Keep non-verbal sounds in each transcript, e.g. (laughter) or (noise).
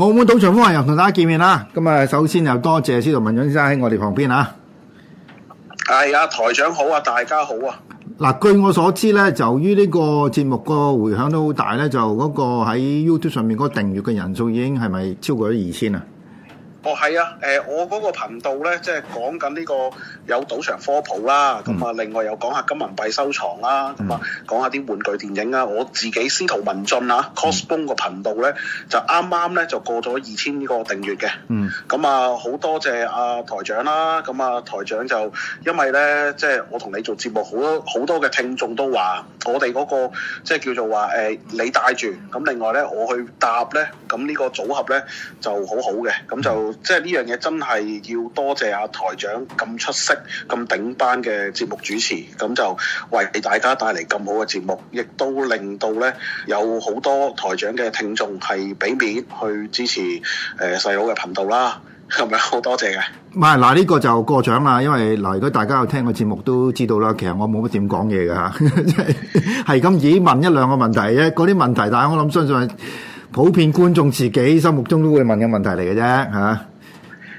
澳門賭場風雲又同大家見面啦！咁啊，首先又多謝司徒文進先生喺我哋旁邊啊！係啊，台長好啊，大家好啊！嗱，據我所知咧，由於呢個節目個回響都好大咧，就嗰個喺 YouTube 上面嗰訂閱嘅人數已經係咪超過咗二千啊？哦，係啊，誒、呃，我嗰個頻道咧，即係講緊呢個有賭場科普啦，咁啊，另外又講下金銀幣收藏啦，咁啊、嗯，講下啲玩具電影啊，我自己司徒文進啊、嗯、cosplay 個、bon、頻道咧就啱啱咧就過咗二千呢個訂閱嘅，咁、嗯、啊，好多謝阿、啊、台長啦，咁啊，啊台長就因為咧，即係我同你做節目，好多好多嘅聽眾都話、那個，我哋嗰個即係叫做話誒、呃，你帶住，咁另外咧我去搭咧，咁呢個組合咧就好好嘅，咁就、嗯。即係呢樣嘢真係要多謝阿台長咁出色、咁頂班嘅節目主持，咁就為大家帶嚟咁好嘅節目，亦都令到呢有好多台長嘅聽眾係俾面去支持誒細佬嘅頻道啦，係咪？好多謝嘅。唔係嗱，呢個就過獎啦，因為嗱，如果大家有聽過節目都知道啦，其實我冇乜點講嘢㗎吓，係咁，只問一兩個問題啫，嗰啲問題，但係我諗相信。普遍觀眾自己心目中都會問嘅問題嚟嘅啫嚇，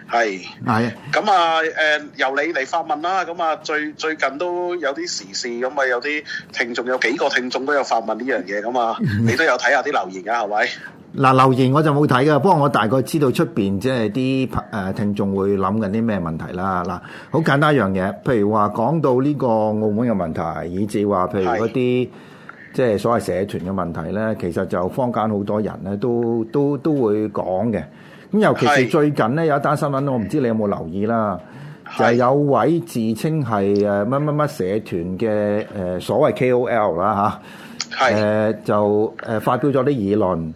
係係咁啊誒，由你嚟發問啦。咁啊最最近都有啲時事，咁啊有啲聽眾有幾個聽眾都有發問呢樣嘢，咁啊你都有睇下啲留言噶係咪？嗱 (laughs) 吧留言我就冇睇噶，不過我大概知道出邊即係啲誒聽眾會諗緊啲咩問題啦。嗱，好簡單一樣嘢，譬如話講到呢個澳門嘅問題，以至話譬如一啲。即係所謂社團嘅問題咧，其實就坊間好多人咧都都都會講嘅。咁尤其是最近咧有一單新聞，我唔知你有冇留意啦，是就係有位自稱係誒乜乜乜社團嘅誒所謂 K O L 啦嚇是，誒、啊、就誒發表咗啲議論，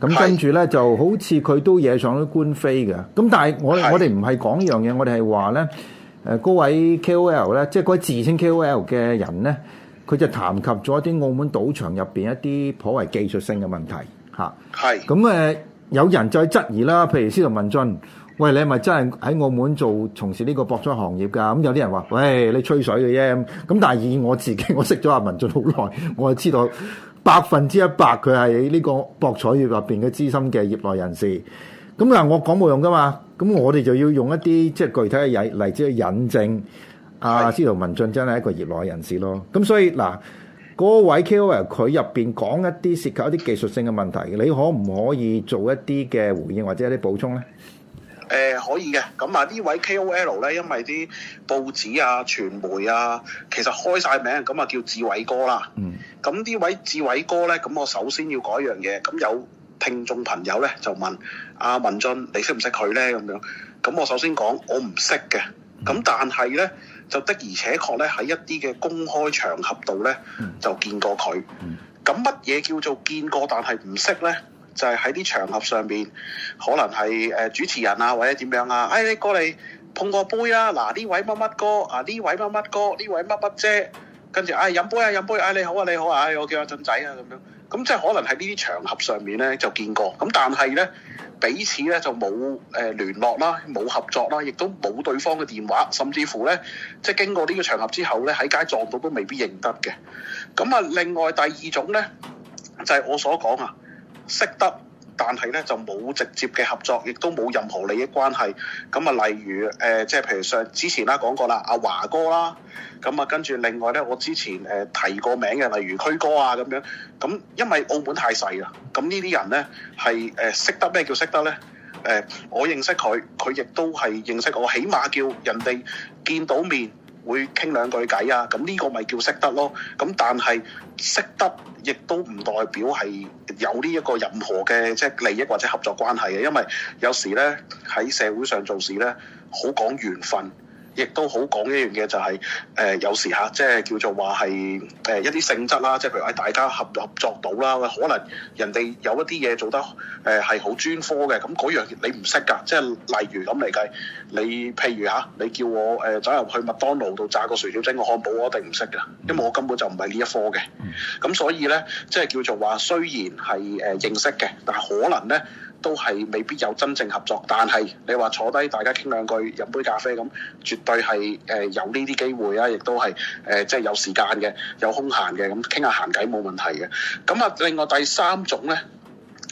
咁跟住咧就好似佢都惹上咗官非嘅。咁但係我我哋唔係講樣嘢，我哋係話咧誒嗰位 K O L 咧，即係嗰位自稱 K O L 嘅人咧。佢就談及咗一啲澳門賭場入邊一啲頗為技術性嘅問題，嚇是。係咁誒，有人再質疑啦，譬如司徒文進，喂，你係咪真係喺澳門做從事呢個博彩行業㗎？咁、嗯、有啲人話，喂，你吹水嘅啫。咁但係以我自己，我識咗阿文進好耐，我就知道百分之一百佢係呢個博彩業入邊嘅資深嘅業內人士。咁嗱，我講冇用㗎嘛。咁我哋就要用一啲即係具體嘅例子去引證。阿、啊、司徒文進真係一個業內人士咯。咁所以嗱，嗰位 KOL 佢入邊講一啲涉及一啲技術性嘅問題，你可唔可以做一啲嘅回應，或者一啲補充咧？誒、呃，可以嘅。咁啊，呢位 KOL 咧，因為啲報紙啊、傳媒啊，其實開晒名，咁啊叫志偉哥啦。嗯。咁呢位志偉哥咧，咁我首先要改一樣嘢。咁有聽眾朋友咧就問：阿、啊、文進，你識唔識佢咧？咁樣。咁我首先講，我唔識嘅。咁但係咧，就的而且確咧，喺一啲嘅公開場合度咧，就見過佢。咁乜嘢叫做見過但係唔識咧？就係喺啲場合上邊，可能係誒、呃、主持人啊，或者點樣啊？誒、哎、你過嚟碰個杯啊！嗱呢位乜乜哥啊，呢位乜乜哥，呢位乜乜姐，跟住誒飲杯啊飲杯！誒、哎、你好啊你好啊！誒，我叫阿、啊、俊仔啊咁樣。咁即係可能喺呢啲場合上面咧就見過，咁但係咧彼此咧就冇誒、呃、聯絡啦，冇合作啦，亦都冇對方嘅電話，甚至乎咧即係經過呢個場合之後咧喺街撞到都未必認得嘅。咁啊，另外第二種咧就係、是、我所講啊，識得。但係咧就冇直接嘅合作，亦都冇任何利益關係。咁、嗯、啊，例如誒、呃，即係譬如上之前啦講過啦，阿、啊、華哥啦，咁啊跟住另外咧，我之前誒、呃、提過名嘅，例如區哥啊咁樣。咁、嗯、因為澳門太細啦，咁、嗯、呢啲人咧係誒識得，咩叫識得咧？誒、呃，我認識佢，佢亦都係認識我，起碼叫人哋見到面。會傾兩句偈啊，咁呢個咪叫識得咯。咁但係識得亦都唔代表係有呢一個任何嘅即係利益或者合作關係嘅，因為有時咧喺社會上做事咧好講緣分。亦都好講一樣嘢、就係呃，就係、是，誒有時嚇，即係叫做話係誒一啲性質啦，即係譬如大家合合作到啦，可能人哋有一啲嘢做得誒係好專科嘅，咁、嗯、嗰樣你唔識㗎，即、就、係、是、例如咁嚟計，你譬如嚇、啊，你叫我誒、呃、走入去麥當勞度炸個薯條整個漢堡，我一定唔識㗎，因為我根本就唔係呢一科嘅，咁、嗯、所以咧，即係叫做話雖然係誒、呃、認識嘅，但係可能咧。都係未必有真正合作，但係你話坐低大家傾兩句飲杯咖啡咁，絕對係誒、呃、有呢啲機會啦、啊，亦都係誒即係有時間嘅，有空閒嘅咁傾下閒偈冇問題嘅。咁啊，另外第三種咧，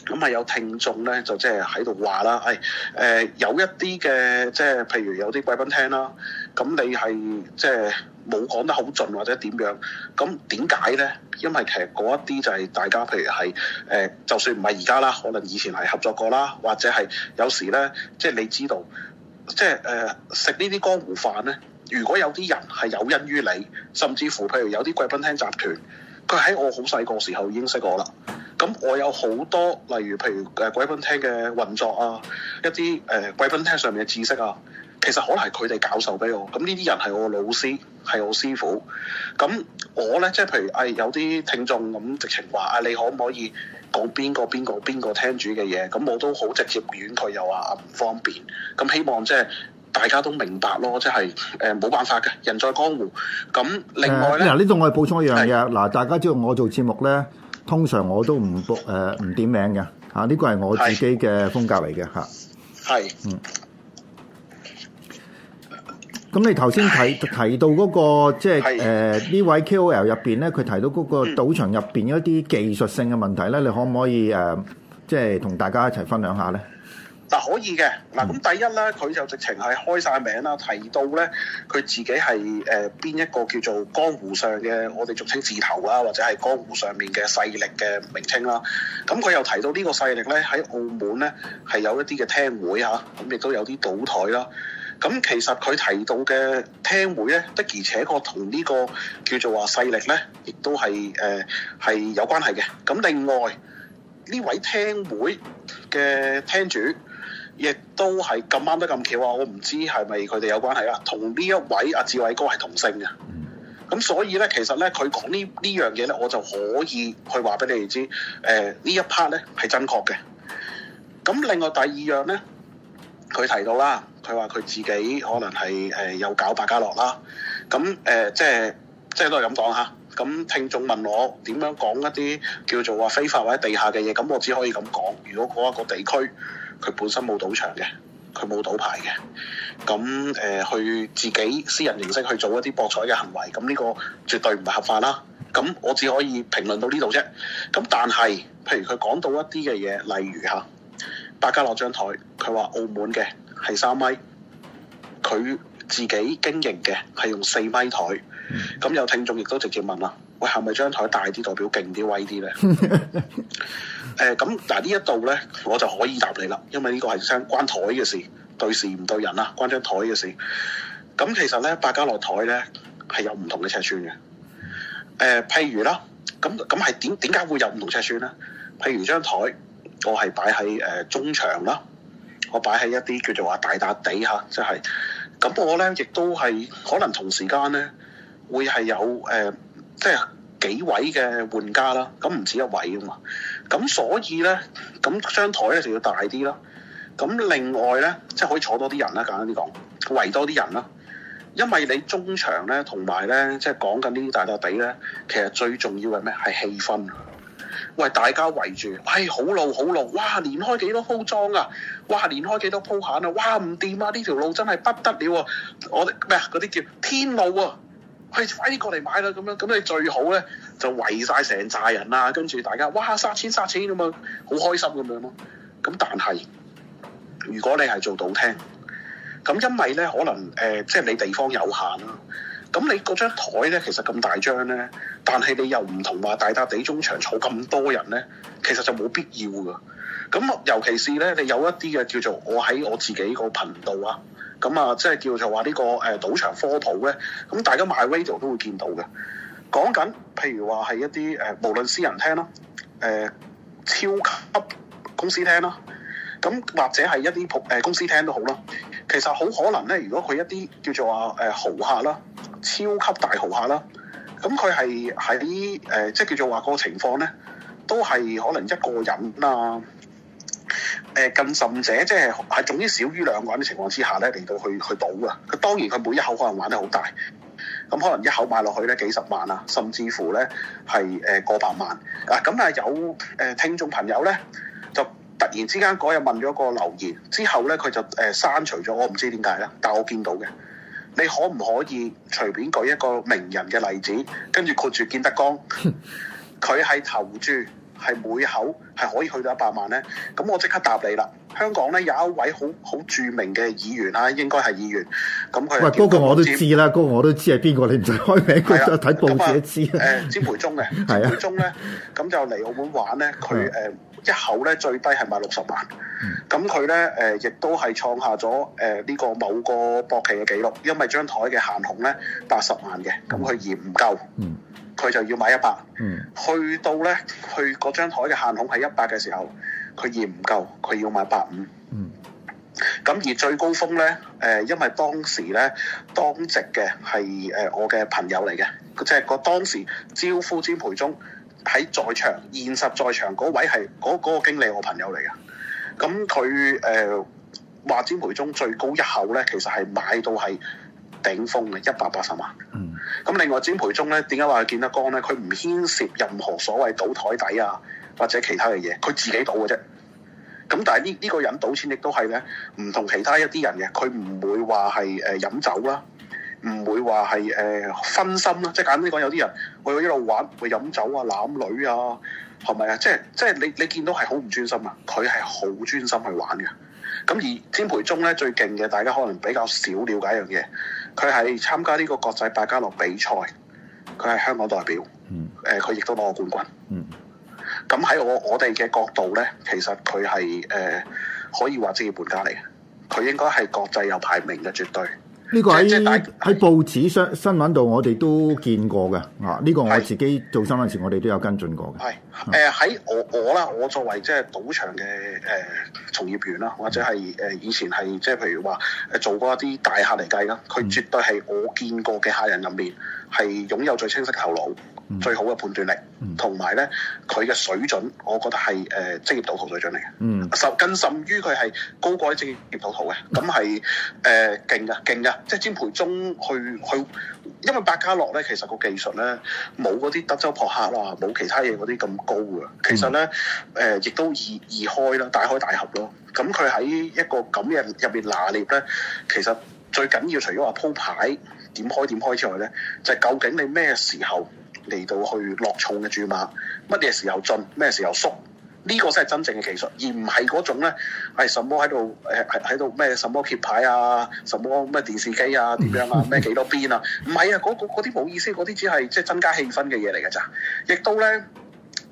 咁係有聽眾咧，就即係喺度話啦，誒、哎、誒、呃、有一啲嘅即係譬如有啲貴賓廳啦，咁你係即係。冇講得好盡或者點樣，咁點解呢？因為其實嗰一啲就係大家，譬如係誒、呃，就算唔係而家啦，可能以前係合作過啦，或者係有時呢，即係你知道，即係誒、呃、食呢啲江湖飯呢，如果有啲人係有恩於你，甚至乎譬如有啲貴賓廳集團，佢喺我好細個時候已經識我啦。咁我有好多例如譬如誒貴、呃、賓廳嘅運作啊，一啲誒貴賓廳上面嘅知識啊，其實可能係佢哋教授俾我。咁呢啲人係我老師，係我師傅，咁我咧即係譬如誒、哎、有啲聽眾咁直情話啊，你可唔可以講邊個邊個邊個聽主嘅嘢？咁我都好直接婉拒，又話唔方便。咁希望即係大家都明白咯，即係誒冇辦法嘅，人在江湖。咁另外咧，嗱呢度我係補充一樣嘢，嗱是大家知道我做節目咧，通常我都唔誒唔點名嘅吓，呢個係我自己嘅風格嚟嘅吓。係嗯。咁你頭先提提到嗰、那個即係誒呢位 K O L 入邊咧，佢提到嗰個賭場入邊一啲技術性嘅問題咧，你可唔可以誒、呃，即係同大家一齊分享下咧？嗱、啊，可以嘅。嗱、啊，咁第一咧，佢就直情係開晒名啦，提到咧佢自己係誒邊一個叫做江湖上嘅，我哋俗稱字頭啊，或者係江湖上面嘅勢力嘅名稱啦。咁佢又提到個勢呢個勢力咧喺澳門咧係有一啲嘅廳會嚇，咁、啊、亦都有啲賭台啦。咁其實佢提到嘅廳會咧，的而且確同呢個叫做話勢力咧，亦都係誒係有關係嘅。咁另外呢位廳會嘅廳主，亦都係咁啱得咁巧啊！我唔知係咪佢哋有關係啊？同呢一位阿志偉哥係同姓嘅。咁、嗯、所以咧，其實咧佢講呢呢樣嘢咧，我就可以去話俾你哋知，誒、呃、呢一 part 咧係真確嘅。咁、嗯、另外第二樣咧。佢提到啦，佢話佢自己可能係誒有搞百家樂啦，咁誒、呃、即係即係都係咁講嚇。咁聽眾問我點樣講一啲叫做話非法或者地下嘅嘢，咁我只可以咁講：如果嗰一個地區佢本身冇賭場嘅，佢冇賭牌嘅，咁誒、呃、去自己私人形式去做一啲博彩嘅行為，咁呢個絕對唔係合法啦。咁我只可以評論到呢度啫。咁但係，譬如佢講到一啲嘅嘢，例如嚇。百家樂張台，佢話澳門嘅係三米，佢自己經營嘅係用四米台。咁有聽眾亦都直接問啦，喂，係咪張台大啲代表勁啲威啲咧？誒、 (laughs) 呃，咁嗱、啊、呢一度咧，我就可以答你啦，因為呢個係關台嘅事，對事唔對人啦，關張台嘅事。咁其實咧，百家樂台咧係有唔同嘅尺寸嘅。誒、呃，譬如啦，咁咁係點點解會有唔同尺寸咧？譬如張台。我係擺喺誒、呃、中場啦，我擺喺一啲叫做話大笪地嚇，即係咁我咧亦都係可能同時間咧會係有誒、呃、即係幾位嘅玩家啦，咁唔止一位噶嘛，咁所以咧咁張台咧就要大啲啦。咁另外咧即係可以坐多啲人啦，簡單啲講圍多啲人啦，因為你中場咧同埋咧即係講緊呢啲大笪地咧，其實最重要嘅咩係氣氛。喂！大家圍住，哎，好路好路，哇！連開幾多鋪莊啊？哇！連開幾多鋪閒啊？哇！唔掂啊！呢條路真係不得了，啊！我哋咩嗰啲叫天路啊！係、哎、快啲過嚟買啦！咁樣咁你最好咧，就圍晒成寨人啦、啊，跟住大家哇！殺錢殺錢咁嘛，好開心咁樣咯。咁但係如果你係做到聽，咁因為咧可能誒，即、呃、係、就是、你地方有限啦。咁你嗰張台咧，其實咁大張咧，但係你又唔同話大笪地中場坐咁多人咧，其實就冇必要㗎。咁尤其是咧，你有一啲嘅叫做我喺我自己個頻道啊，咁啊，即係叫做話、這、呢個誒、呃、賭場科普咧，咁大家 MyRadio 都會見到嘅。講緊譬如話係一啲誒、呃，無論私人聽啦，誒、呃、超級公司聽啦，咁、呃、或者係一啲普、呃、公司聽都好啦。其實好可能咧，如果佢一啲叫做話誒、呃、豪客啦。超級大豪客啦，咁佢係喺誒，即係叫做話個情況咧，都係可能一個人啦、啊。誒、呃、更甚者即係係總之少於兩個人嘅情況之下咧，嚟到去去賭噶。佢當然佢每一口可能玩得好大，咁可能一口買落去咧，幾十萬啊，甚至乎咧係誒過百萬啊。咁啊但係有誒、呃、聽眾朋友咧，就突然之間嗰日問咗個留言之後咧，佢就誒、呃、刪除咗，我唔知點解啦，但我見到嘅。你可唔可以隨便舉一個名人嘅例子，跟住括住建德江，佢係投注。係每口係可以去到一百萬咧，咁我即刻答你啦。香港咧有一位好好著名嘅議員啦，應該係議員。咁佢嗰個我都知啦，嗰個我都知係邊個，你唔使開名，佢睇報紙都知。誒、呃，詹培忠嘅，詹培忠咧，咁就嚟澳門玩咧，佢誒、 (laughs) 呃、一口咧最低係買六十萬，咁佢咧誒亦都係創下咗誒呢個某個博企嘅紀錄，因為張枱嘅限紅咧八十萬嘅，咁佢而唔夠。嗯佢就要買一百、嗯，去到咧，去嗰張台嘅限控係一百嘅時候，佢嫌唔夠，佢要買百五。咁、嗯、而最高峰咧，誒、呃，因為當時咧，當值嘅係誒我嘅朋友嚟嘅，即係個當時招呼詹培忠喺在，在場，現實在場嗰位係嗰嗰個經理，我朋友嚟嘅。咁佢誒話詹培忠最高一口咧，其實係買到係，頂峰嘅一百八十萬，咁、嗯、另外詹培忠咧，點解話佢見得光咧？佢唔牽涉任何所謂賭台底啊，或者其他嘅嘢，佢自己賭嘅啫。咁但係呢呢個人賭錢亦都係咧，唔同其他一啲人嘅，佢唔會話係誒飲酒啦，唔會話係誒分心啦。即係簡單啲講，有啲人會一路玩，會飲酒啊、攬女啊，係咪啊？即係即係你你見到係好唔專心啊？佢係好專心去玩嘅。咁而詹培忠咧最勁嘅，大家可能比較少了解一樣嘢。佢係參加呢個國際百家樂比賽，佢係香港代表，誒佢亦都攞過冠軍。咁喺、嗯、我我哋嘅角度咧，其實佢係誒可以話職業玩家嚟嘅，佢應該係國際有排名嘅絕對。呢個喺喺報紙上新聞度，我哋都見過嘅嚇。呢是、啊呢個我自己做新聞時，我哋都有跟進過嘅。係誒喺我我啦，我作為即係賭場嘅誒、呃、從業員啦，或者係誒、呃、以前係即係譬如話誒做過一啲大客嚟計啦，佢絕對係我見過嘅客人入面。嗯係擁有最清晰嘅頭腦，嗯、最好嘅判斷力，同埋咧佢嘅水準，我覺得係誒、呃、職業賭徒水準嚟嘅，更甚於佢係高過一職業賭徒嘅，咁係誒勁嘅，勁、呃、嘅，即係詹培忠去去，因為百家樂咧，其實個技術咧冇嗰啲德州撲克啊，冇其他嘢嗰啲咁高嘅，其實咧誒亦都易易開啦，大開大合咯，咁佢喺一個咁嘅入邊拿捏咧，其實最緊要除咗話鋪牌。點開點開出去咧？就係究竟你咩時候嚟到去落重嘅注碼？乜嘢時候進？咩時候縮？呢個先係真正嘅技術，而唔係嗰種咧係什麼喺度誒？喺喺度咩？什麼揭牌啊？什麼咩電視機啊？點樣啊？咩幾多邊啊？唔係啊！嗰啲冇意思，嗰啲只係即係增加氣氛嘅嘢嚟㗎咋。亦都咧。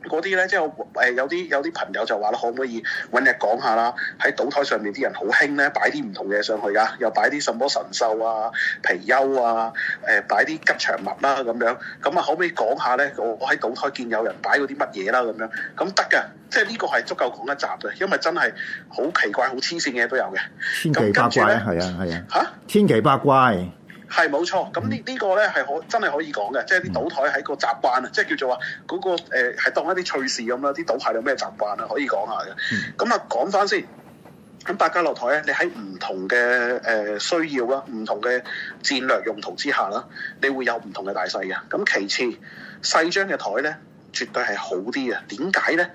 嗰啲咧，即係誒有啲、呃、有啲朋友就話啦，可唔可以揾日講下啦？喺賭台上面啲人好興咧，擺啲唔同嘢上去㗎，又擺啲什麼神獸啊、貔貅啊，誒擺啲吉祥物啦、啊、咁樣。咁啊，可唔可以講下咧？我喺賭台見有人擺嗰啲乜嘢啦咁樣，咁得㗎。即係呢個係足夠講一集嘅，因為真係好奇怪、好黐線嘅嘢都有嘅。千奇百怪係啊，係啊嚇，啊千奇百怪。係冇錯，咁呢呢個咧係可真係可以講嘅，即係啲賭台喺個習慣啊，嗯、即係叫做話、那、嗰個誒係、呃、當一啲趣事咁啦。啲賭牌有咩習慣啊？可以講下嘅。咁啊、嗯，講翻先，咁百家樂台咧，你喺唔同嘅誒、呃、需要啦，唔同嘅戰略用途之下啦，你會有唔同嘅大細嘅。咁其次細張嘅台咧，絕對係好啲嘅。點解咧？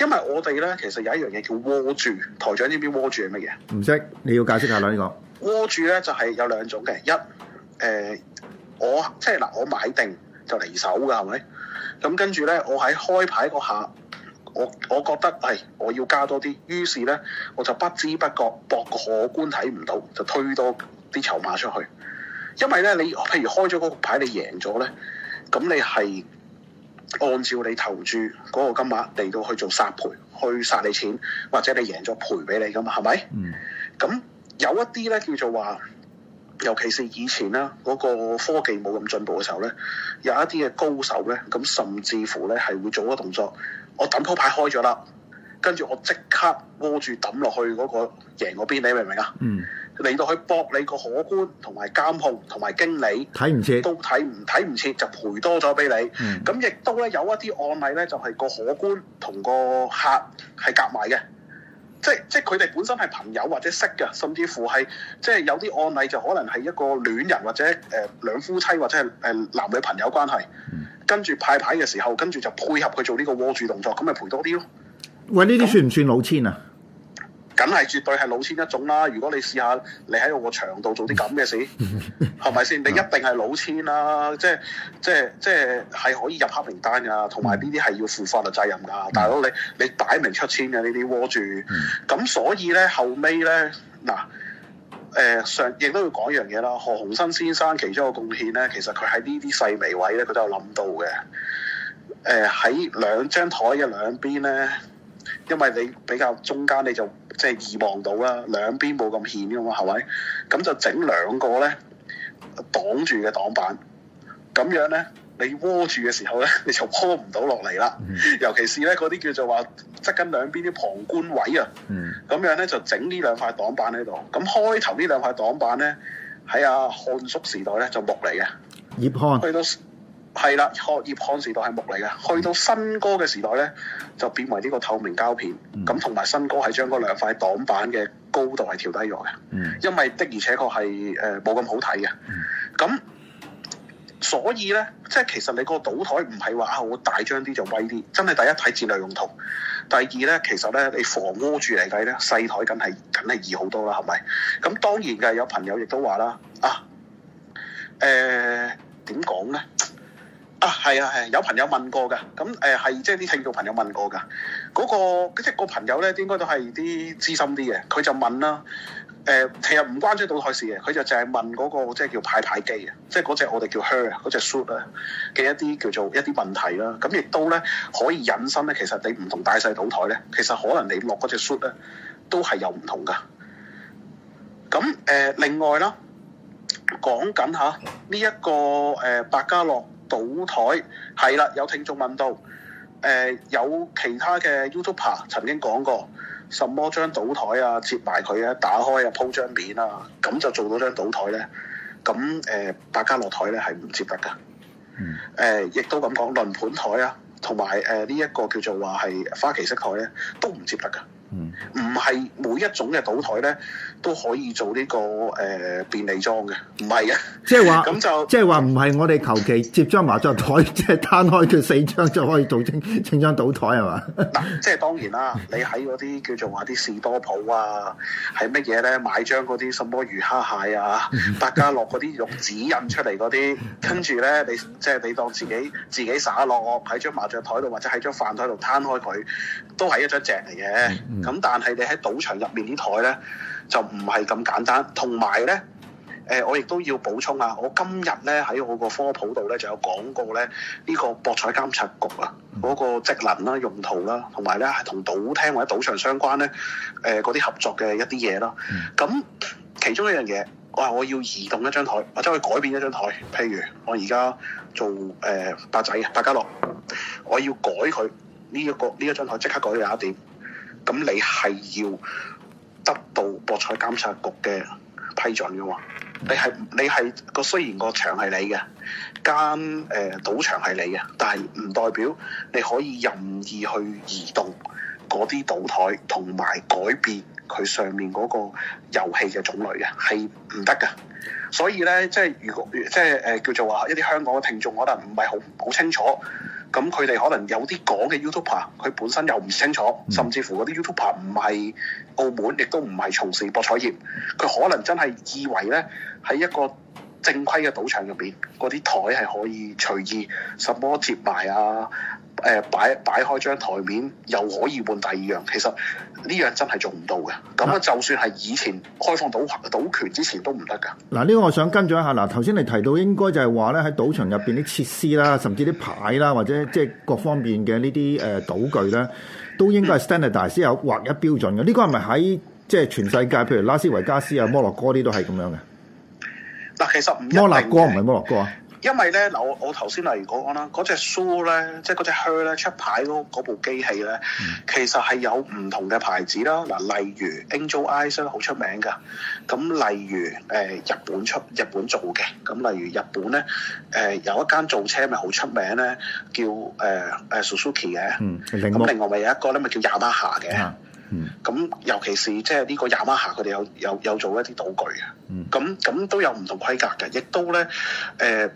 因為我哋咧其實有一樣嘢叫窩住。台長呢邊窩住係乜嘢？唔識你要解釋下兩呢個窩住咧，就係有兩種嘅一。誒、呃，我即係嗱，我買定就離手㗎，係咪？咁、嗯、跟住咧，我喺開牌嗰下，我我覺得係、哎、我要加多啲，於是咧，我就不知不覺博個荷官睇唔到，就推多啲籌碼出去。因為咧，你譬如開咗個牌，你贏咗咧，咁你係按照你投注嗰個金額嚟到去做殺賠，去殺你錢，或者你贏咗賠俾你㗎嘛，係咪？嗯。咁有一啲咧叫做話。尤其是以前啦，嗰個科技冇咁進步嘅時候咧，有一啲嘅高手咧，咁甚至乎咧係會做個動作，我抌鋪牌開咗啦，跟住我即刻窩住抌落去嗰個贏嗰邊，你明唔明啊？嗯。嚟到去搏你個可觀同埋監控同埋經理睇唔切，都睇唔睇唔切就賠多咗俾你。嗯。咁亦都咧有一啲案例咧，就係個可觀同個客係夾埋嘅。即係即係佢哋本身係朋友或者識嘅，甚至乎係即係有啲案例就可能係一個戀人或者誒、呃、兩夫妻或者係誒、呃、男女朋友關係，跟住派牌嘅時候，跟住就配合佢做呢個握住動作，咁咪賠多啲咯。喂，呢啲算唔算老千啊？梗係絕對係老千一種啦！如果你試下你喺我個場度做啲咁嘅事，係咪先？你一定係老千啦、啊！即係即係即係係可以入黑名單噶，同埋呢啲係要負法律責任噶。嗯、大佬你你擺明出千嘅呢啲窩住，咁、嗯、所以咧後尾咧嗱，誒、呃、上亦都要講一樣嘢啦。何鴻燊先生其中一個貢獻咧，其實佢喺呢啲細微位咧，佢都有諗到嘅。誒、呃、喺兩張台嘅兩邊咧。因為你比較中間，你就即係移望到啦，兩邊冇咁險噶嘛，係咪？咁就整兩個咧，擋住嘅擋板，咁樣咧，你窩住嘅時候咧，你就拖唔到落嚟啦。嗯、尤其是咧，嗰啲叫做話側緊兩邊啲旁觀位啊，咁、嗯、樣咧就整呢兩塊擋板喺度。咁開頭兩塊呢兩塊擋板咧，喺阿漢叔時代咧就木嚟嘅，葉漢係啦，學業看時代係木嚟嘅，去到新歌嘅時代咧，就變為呢個透明膠片。咁同埋新歌係將嗰兩塊擋板嘅高度係調低咗嘅，嗯、因為的而且確係誒冇咁好睇嘅。咁、嗯、所以咧，即係其實你個賭台唔係話啊，好大張啲就威啲，真係第一睇戰略用途，第二咧，其實咧，你防蝦住嚟計咧，細台梗係梗係易好多啦，係咪？咁當然嘅有朋友亦都話啦啊，誒點講咧？啊，係啊係、啊，有朋友問過噶，咁誒係即係啲聽眾朋友問過噶，嗰、嗰個即係、嗰個朋友咧，應該都係啲資深啲嘅，佢就問啦，誒、呃、其實唔關即係賭台事嘅，佢就淨係問嗰、嗰個即係叫派牌機嘅，即係嗰隻我哋叫靴嗰隻 s h o t 啊，嘅一啲叫做一啲問題啦，咁亦都咧可以引申咧，其實你唔同大細賭台咧，其實可能你落嗰隻 s h o t 咧都係有唔同噶，咁誒、呃、另外啦，講緊嚇呢一個誒百、呃、家樂。賭枱係啦，有聽眾問到，誒、呃、有其他嘅 YouTuber 曾經講過，什麼張賭枱啊，接埋佢啊，打開啊，鋪張面啦，咁就做到張賭枱咧，咁誒百家樂枱咧係唔接得噶，誒、呃、亦都咁講輪盤枱啊，同埋誒呢一個叫做話係花旗式枱咧，都唔接得噶。唔係、嗯、每一種嘅賭台咧都可以做呢、這個誒、呃、便利裝嘅，唔係啊，即係話咁就即係話唔係我哋求其接張麻雀台，即係攤開佢四張就可以做清清張賭台係嘛？嗱，即係當然啦，你喺嗰啲叫做話啲士多鋪啊，係乜嘢咧買張嗰啲什麼魚蝦蟹啊、百 (laughs) (laughs) 家樂嗰啲用紙印出嚟嗰啲，跟住咧你即係、就是、你當自己自己灑落喺張麻雀台度，或者喺張飯台度攤開佢，都係一張正嚟嘅。 (laughs) 咁但係你喺賭場入面啲台咧，就唔係咁簡單。同埋咧，誒、呃、我亦都要補充啊！我今日咧喺我個科普度咧，就有講過咧呢、這個博彩監察局啊，嗰、那個職能啦、啊、用途啦、啊，同埋咧係同賭廳或者賭場相關咧，誒嗰啲合作嘅一啲嘢啦。咁、嗯、其中一樣嘢，我話我要移動一張台，或者去改變一張台。譬如我而家做誒八、呃、仔、百家樂，我要改佢呢一個呢、這個、一張台，即刻改去有一點？咁你係要得到博彩監察局嘅批准嘅喎，你係你係個，雖然個場係你嘅，間誒、呃、賭場係你嘅，但係唔代表你可以任意去移動嗰啲賭枱同埋改變佢上面嗰個遊戲嘅種類啊，係唔得噶。所以咧，即係如果即係誒、呃、叫做話一啲香港嘅聽眾可能唔係好好清楚。咁佢哋可能有啲講嘅 YouTuber，佢本身又唔清楚，甚至乎嗰啲 YouTuber 唔係澳門，亦都唔係從事博彩業，佢可能真係以為咧喺一個正規嘅賭場入面，嗰啲枱係可以隨意什麼接埋啊。誒擺擺開張台面，又可以換第二樣。其實呢樣真係做唔到嘅。咁啊，就算係以前開放賭賭權之前都唔得㗎。嗱、啊，呢、這個我想跟進一下。嗱、啊，頭先你提到應該就係話咧，喺賭場入邊啲設施啦，甚至啲牌啦，或者即係各方面嘅呢啲誒賭具啦，都應該係 standardized，有 (coughs) 劃一標準嘅。呢、這個係咪喺即係全世界？譬如拉斯維加斯啊、摩洛哥啲都係咁樣嘅。嗱、啊，其實摩，摩納哥唔係摩洛哥啊。因為咧，嗱我我頭先例如講啦，嗰隻梳咧，即係嗰隻靴咧，出牌嗰部機器咧，嗯、其實係有唔同嘅牌子啦。嗱，例如 Angel Eyes 咧，好出名㗎。咁、嗯、例如誒、呃、日本出日本做嘅，咁、嗯、例如日本咧誒、呃、有一間造車咪好出名咧，叫誒誒、呃、Suzuki 嘅。咁、嗯、另外咪有一個咧，咪、就是、叫雅馬哈嘅。咁、啊嗯嗯、尤其是即係呢個雅馬哈，佢哋有有有做一啲賭具嘅。咁咁、嗯嗯嗯、都有唔同規格嘅，亦都咧誒。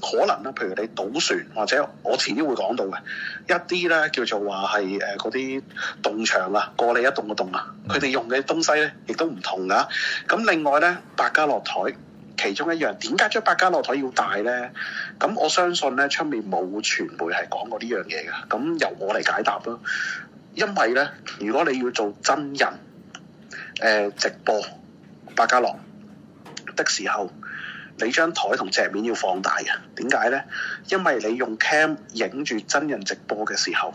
可能啦，譬如你賭船或者我前邊會講到嘅一啲咧，叫做話係誒嗰啲洞牆啊、過你一棟個洞啊，佢哋用嘅東西咧亦都唔同噶。咁另外咧，百家樂台其中一樣點解將百家樂台要大咧？咁我相信咧，出面冇傳媒係講過呢樣嘢嘅。咁由我嚟解答啦。因為咧，如果你要做真人誒、呃、直播百家樂的時候，你張台同鏡面要放大嘅，點解咧？因為你用 cam 影住真人直播嘅時候，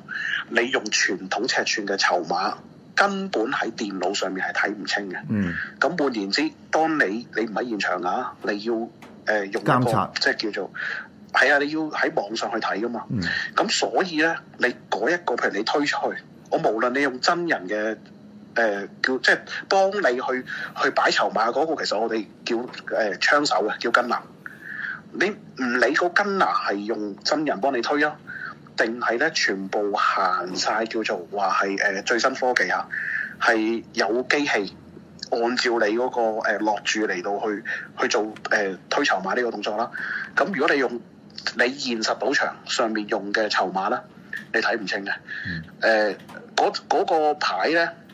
你用傳統尺寸嘅籌碼，根本喺電腦上面係睇唔清嘅。嗯。咁換言之，當你你唔喺現場、呃、監察啊，你要誒用個即係叫做係啊，你要喺網上去睇噶嘛。嗯。咁所以咧，你嗰、那、一個譬如你推出去，我無論你用真人嘅。誒、呃、叫即係幫你去去擺籌碼嗰、那個，其實我哋叫誒、呃、槍手嘅，叫跟纜。你唔理個跟纜係用真人幫你推啊，定係咧全部行晒叫做話係誒最新科技啊，係有機器按照你嗰、那個落、呃、注嚟到去去做誒、呃、推籌碼呢個動作啦、啊。咁、嗯、如果你用你現實賭場上面用嘅籌碼咧，你睇唔清嘅。誒、呃、嗰、那個牌咧～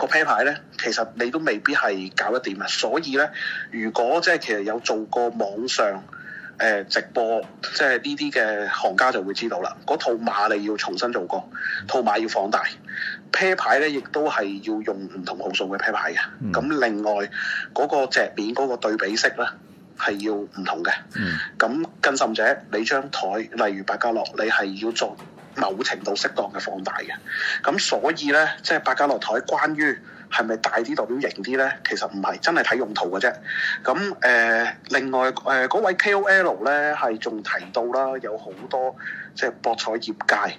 個啤牌咧，其實你都未必係搞得掂啊！所以咧，如果即係其實有做過網上誒直播，即係呢啲嘅行家就會知道啦。嗰套碼你要重新做過，套碼要放大啤牌咧，亦都係要用唔同號數嘅啤牌嘅。咁另外嗰個隻面嗰個對比色咧，係要唔同嘅。咁更甚者，你張台例如百家樂，你係要做。某程度適當嘅放大嘅，咁所以咧，即係百家樂枱關於係咪大啲代表型啲咧，其實唔係，真係睇用途嘅啫。咁誒、呃，另外誒嗰、呃、位 KOL 咧係仲提到啦，有好多即係博彩業界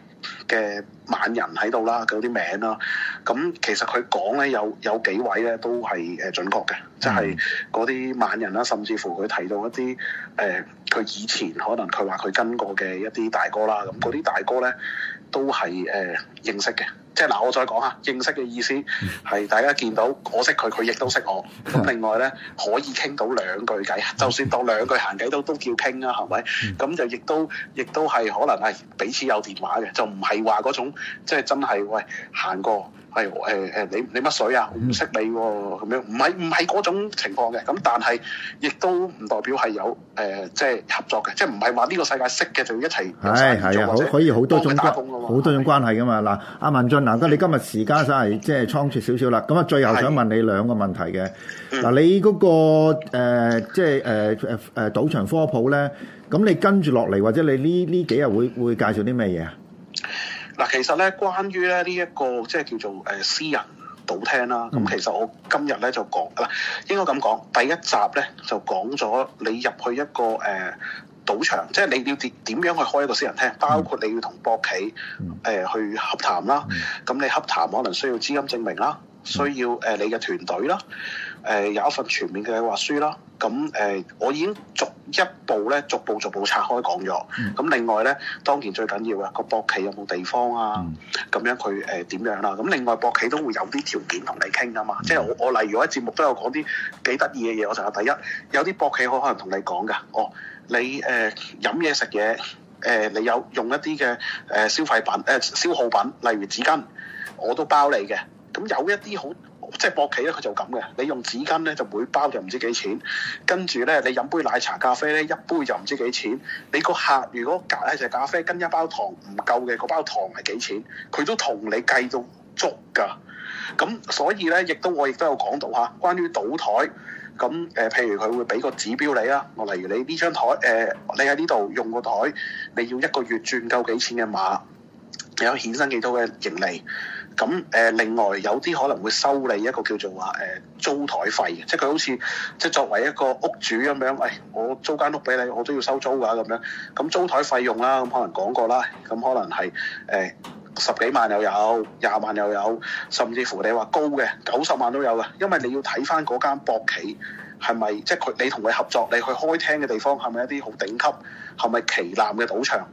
嘅猛人喺度啦，嗰啲名啦，咁其實，佢講咧有有幾位咧都係誒準確嘅，即係嗰啲猛人啦，甚至乎佢提到一啲誒佢以前可能佢話，佢跟過嘅一啲大哥啦，咁嗰啲大哥咧都係誒、呃、認識嘅，即係嗱我再講下認識嘅意思係大家見到我識佢，佢亦都識我，咁另外咧可以傾到兩句偈，就算當兩句閒偈 (laughs) 都都叫傾啦，係咪？咁就亦都亦都係可能係彼此有電話嘅，就唔係。話嗰種，即係真係，喂，行過，係誒誒你你乜水啊，唔識你咁、啊嗯、樣，唔係唔係嗰種情況嘅。咁但係亦都唔代表係有誒、呃、即係合作嘅，即係唔係話呢個世界識嘅就一齊合作或者幫佢打工好，、啊、多種關係噶嘛。嗱，阿是、啊、文進嗱哥，你今日時間真係即係倉促少少啦咁，啊最後想問你兩個問題嘅。嗱、嗯啊、你嗰、那個誒、呃、即係誒誒賭場科普咧，咁你跟住落嚟或者你呢呢幾日會會介紹啲咩嘢啊？嗱，其實咧，關於咧呢一個即係叫做誒、呃、私人賭廳啦，咁其實我今日咧就講嗱，應該咁講第一集咧就講咗你入去一個誒、呃、賭場，即係你要點點樣去開一個私人廳，包括你要同博企誒、呃、去洽談啦，咁你洽談可能需要資金證明啦，需要誒、呃、你嘅團隊啦，誒、呃、有一份全面嘅計劃書啦，咁、呃、誒我已經。一步咧，逐步逐步拆開講咗。咁、嗯嗯、另外咧，當然最緊要啊，個博企有冇地方啊，咁樣佢誒點樣啦、啊？咁、嗯、另外博企都會有啲條件同你傾噶嘛。即、就、係、是、我我例如我喺節目都有講啲幾得意嘅嘢。我就話第一，有啲博企可可能同你講噶。哦，你誒、呃、飲嘢食嘢誒，你有用一啲嘅誒消費品誒、呃、消耗品，例如紙巾，我都包你嘅。咁、嗯、有一啲好。即係博企咧，佢就咁嘅。你用紙巾咧，就每包就唔知幾錢。跟住咧，你飲杯奶茶咖啡咧，一杯就唔知幾錢。你個客如果隔離隻咖啡跟一包糖唔夠嘅，嗰包糖係幾錢？佢都同你計到足㗎。咁所以咧，亦都我亦都有講到吓，關於賭台。咁誒、呃，譬如佢會俾個指標你啊，例如你呢張台誒，你喺呢度用個台，你要一個月轉夠幾錢嘅碼，你有衍生幾多嘅盈利。咁誒、呃，另外有啲可能會收你一個叫做話誒、呃、租台費嘅，即係佢好似即係作為一個屋主咁樣，誒、哎、我租間屋俾你，我都要收租㗎咁樣。咁、嗯、租台費用啦、啊，咁、嗯、可能講過啦，咁、嗯、可能係誒、呃、十幾萬又有，廿萬又有，甚至乎你話高嘅九十萬都有嘅，因為你要睇翻嗰間博企係咪即係佢你同佢合作，你去開廳嘅地方係咪一啲好頂級，係咪旗艦嘅賭場？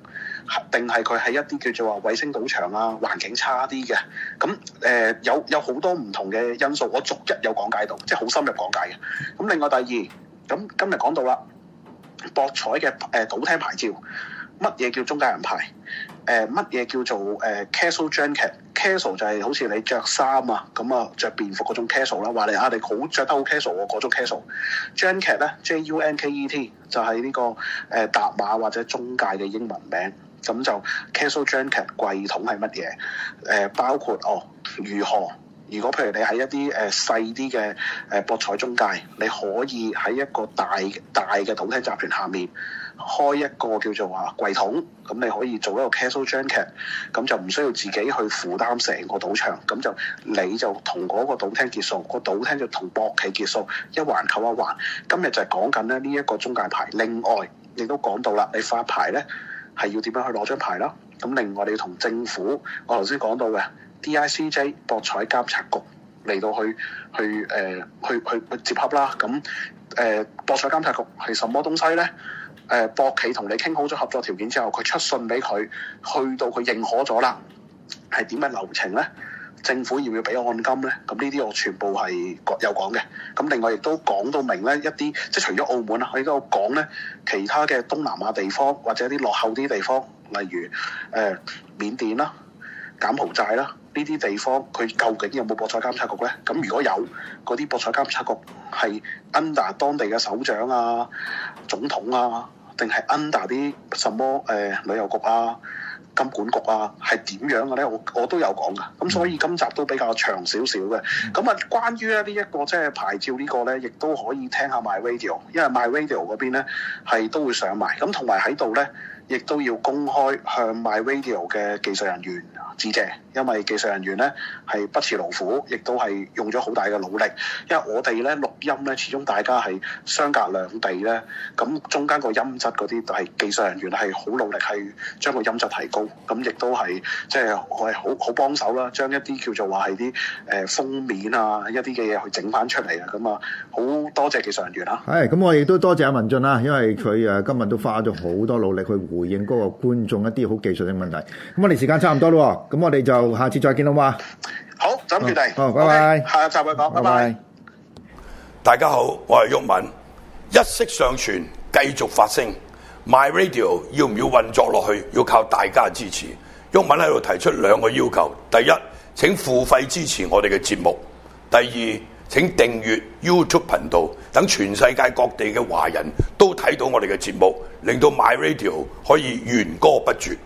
定係佢喺一啲叫做話衛星賭場啊，環境差啲嘅，咁、嗯、誒、呃、有有好多唔同嘅因素，我逐一有講解到，即係好深入講解嘅。咁、嗯、另外第二，咁、嗯、今日講到啦，博彩嘅誒、呃、賭廳牌照，乜嘢叫中介人牌？誒乜嘢叫做誒 casual junket？casual 就係好似你着衫啊，咁啊着便服嗰種 casual 啦，話你啊你好着得好 casual 喎、啊、嗰種 casual junket 咧，J U N K E T 就係呢、這個誒打、呃、馬或者中介嘅英文名。咁就 casino junket 櫃桶係乜嘢？誒、呃、包括哦，如何？如果譬如你喺一啲誒、呃、細啲嘅誒博彩中介，你可以喺一個大大嘅賭廳集團下面開一個叫做話、啊、櫃桶，咁你可以做一個 casino junket，咁就唔需要自己去負擔成個賭場，咁就你就同嗰個賭廳結數，個賭廳就同博企結數，一環扣一環。今日就係講緊咧呢一個中介牌，另外亦都講到啦，你發牌咧。係要點樣去攞張牌啦？咁另外你要同政府，我頭先講到嘅 DICJ 博彩監察局嚟到去去誒、呃、去去去接洽啦。咁誒、呃、博彩監察局係什麼東西咧？誒、呃、博企同你傾好咗合作條件之後，佢出信俾佢，去到佢認可咗啦，係點嘅流程咧？政府要唔要俾按金咧？咁呢啲我全部係各有講嘅。咁另外亦都講到明咧一啲，即係除咗澳門啦，我亦都講咧其他嘅東南亞地方或者啲落後啲地方，例如誒緬甸啦、柬埔寨啦呢啲地方，佢究竟有冇博彩監察局咧？咁如果有，嗰啲博彩監察局係 under 當地嘅首長啊、總統啊，定係 under 啲什麼誒旅遊局啊？金管局啊，係點樣嘅咧？我我都有講噶，咁所以今集都比較長少少嘅。咁啊，關於咧呢一個即係牌照呢個咧，亦都可以聽下 my radio，因為 my radio 嗰邊咧係都會上埋，咁同埋喺度咧。亦都要公開向 MyRadio 嘅技術人員致謝，因為技術人員咧係不辭勞苦，亦都係用咗好大嘅努力。因為我哋咧錄音咧，始終大家係相隔兩地咧，咁、嗯、中間個音質嗰啲都係技術人員係好努力去將個音質提高，咁、嗯、亦都係即係我係好好幫手啦，將一啲叫做話係啲誒封面啊一啲嘅嘢去整翻出嚟啊，咁啊好多謝技術人員啦、啊。係，咁我亦都多謝阿文進啦、啊，因為佢啊今日都花咗好多努力去。回應嗰個觀眾一啲好技術性問題，咁我哋時間差唔多咯，咁我哋就下次再見啦，好嘛？好，准住嚟，好、oh, bye Okay.，拜拜。下一集再講，拜拜。大家好，我係毓民，一息尚存，繼續發聲。My Radio 要唔要運作落去？要靠大家支持。毓民喺度提出兩個要求：第一，請付費支持我哋嘅節目；第二。請訂閱 YouTube 頻道，等全世界各地嘅華人都睇到我哋嘅節目，令到 My Radio 可以弦歌不絕。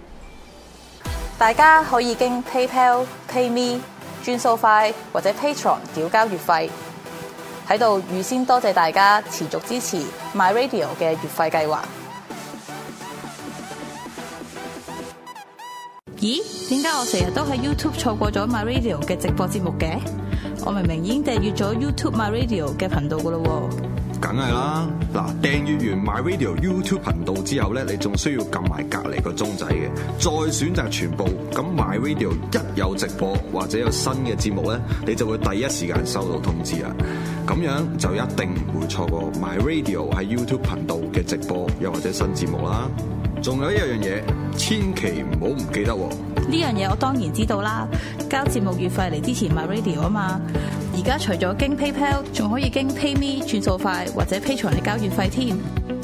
大家可以經 PayPal、PayMe 轉數快，或者 Patreon 繳交月費。喺度預先多謝大家持續支持 My Radio 嘅月費計劃。咦？點解我成日都喺 YouTube 錯過咗 My Radio 嘅直播節目嘅？我明明已經訂閱咗 YouTube My Radio 嘅頻道噶啦、啊，梗係啦。嗱，訂閱完 My Radio YouTube 頻道之後咧，你仲需要撳埋隔籬個鐘仔嘅，再選擇全部。咁 My Radio 一有直播或者有新嘅節目咧，你就會第一時間收到通知啦。咁樣就一定唔會錯過 My Radio 喺 YouTube 頻道嘅直播又或者新節目啦。仲有一樣嘢，千祈唔好唔記得、啊。呢樣嘢我當然知道啦，交節目月費嚟之前 MyRadio 啊嘛，而家除咗經 PayPal，仲可以經 PayMe 轉數快或者 Patreon 嚟交月費添。